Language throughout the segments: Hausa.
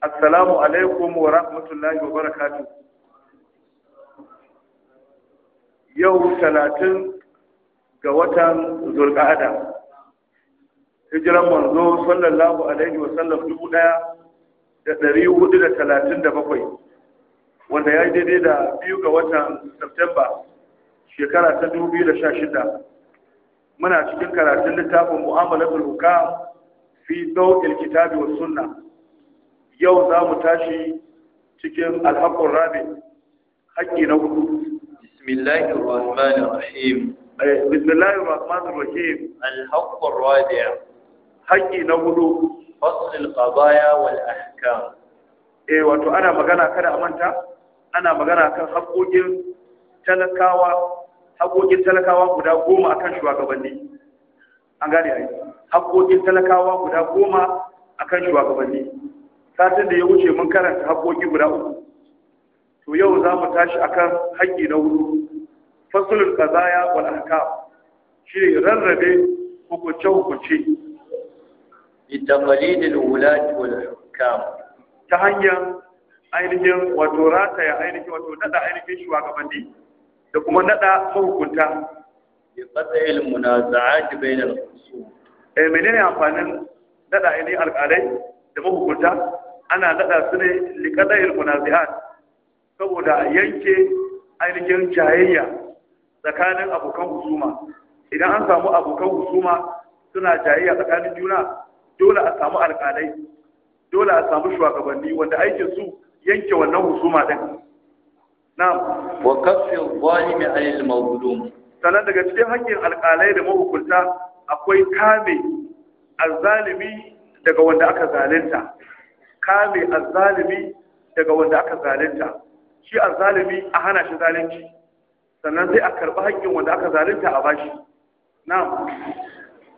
assalamu alaikum wa rahmatullahi wa barakatu yau talatin ga watan zulqa'ada hijiran manzo sallallahu alaihi wa sallam dubu ɗaya da dari hudu da talatin da bakwai wanda ya yi daidai da biyu ga watan Septemba shekara ta dubu biyu da sha shida muna cikin karatun littafin mu'amalatul hukam fi dawil kitabi was sunna. yau za mu tashi cikin alhakon rabin haƙƙi na hudu bismillahir rahmanir rahim eh, alhakon rabin rahim alhaƙon rabia haƙƙi na hudu fasl alqabaya wal ahkam eh wato ana magana kada a manta ana magana kan haƙoƙin talakawa haƙoƙin talakawa guda goma akan shugabanni an gane ai haƙoƙin talakawa guda goma akan shugabanni satin da ya wuce mun karanta haƙoƙi guda uku to yau za mu tashi akan haƙƙi na hudu fasulun ƙazaya wa ɗanka shi rarrabe hukunce hukunce bitaqalid al wulat wal hukam ta hanyar ainihin wato rataya ainihin wato nada ainihin shugabanni da kuma nada mahukunta na za'a munaza'at bain al khusum eh menene amfanin nada ainihin alƙalai da mahukunta ana nada su ne liqada'il munazi'at saboda yanke ainihin jayayya tsakanin abokan husuma idan an samu abokan husuma suna jayayya tsakanin juna dole a samu alƙalai dole a samu shugabanni wanda aikin su yanke wannan husuma din na'am wa kafir zalimi anil mazlum sannan daga cikin hakkin alƙalai da mahukunta akwai kame azzalimi daga wanda aka zalunta kame azzalimi daga wanda aka zalunta shi azzalimi a hana shi zalunci sannan sai a karɓi haƙƙin wanda aka zalunta a bashi na'am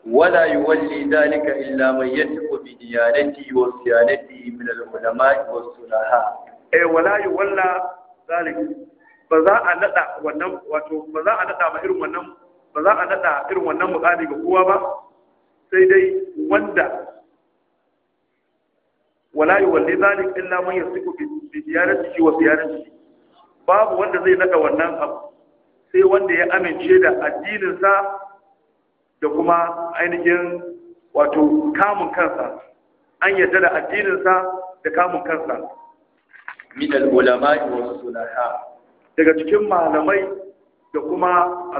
wala yuwalli dalika illa man yatiqu bi diyanati wa siyanati min al-ulama'i wa sulaha eh wala yuwalla zalik ba za a nada wannan wato ba za a nada ba irin wannan ba za a nada irin wannan muƙami ga kowa ba sai dai wanda wala yuwalli zalik illa man yasiku bi ziyaratihi wa ziyaratihi babu wanda zai naka wannan abu sai wanda ya amince da addinin sa da kuma ainihin wato kamun kansa an yadda da addinin sa da kamun kansa min al-ulama wa sulaha daga cikin malamai da kuma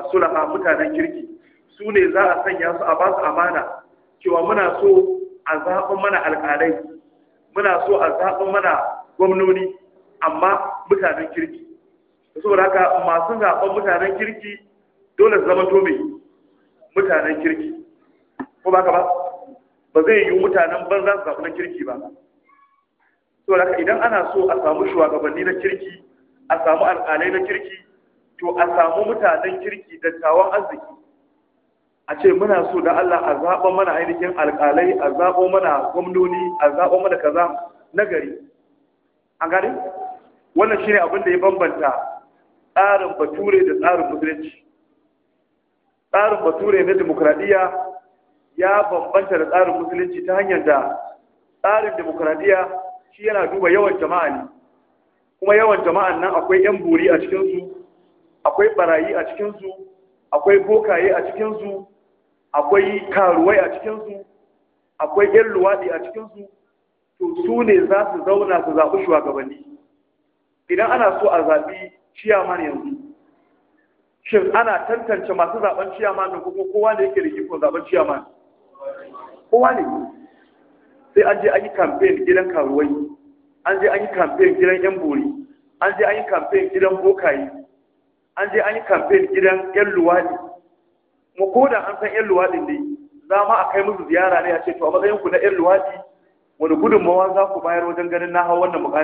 as-sulaha mutanen kirki su ne za a sanya su a ba su amana cewa muna so a zaɓi mana alƙalai muna so a zaɓa mana gwamnoni amma mutanen kirki saboda haka masu zaɓen mutanen kirki dole su zama tome mutanen kirki ko ba ka ba ba zai yi mutanen ban za su zaɓi na kirki ba saboda haka idan ana so a samu shugabanni na kirki a samu alƙalai na kirki to a samu mutanen kirki dattawan arziki a ce muna so da Allah a zaɓa mana ainihin alƙalai a zaɓo mana gwamnoni a zaɓo mana kaza na gari A gari wannan shine abin da ya bambanta tsarin bature da tsarin musulunci tsarin bature na demokradiyya ya bambanta da tsarin musulunci ta hanyar da tsarin demokradiyya shi yana duba yawan jama'a ne kuma yawan jama'an nan akwai 'yan buri a cikinsu akwai barayi a cikinsu akwai bokaye a cikinsu akwai karuwai a cikinsu akwai yan luwaɗi a cikinsu to su ne za su zauna su zaɓi shugabanni idan ana so a zaɓi ciyaman yanzu shin ana tantance masu zaɓen ciyaman da kuma kowa ne yake da ikon zaɓen ciyaman kowa ne sai an je an yi kamfen gidan karuwai an je an yi kamfen gidan yan bori an je an yi kamfen gidan bokaye an je an yi kamfen gidan yan luwaɗi mu ko da an san yan luwaɗin ne za ma a kai musu ziyara ne a ce to a matsayin ku na yan luwaɗi wani gudunmawa za ku bayar wajen ganin na hau wannan muƙami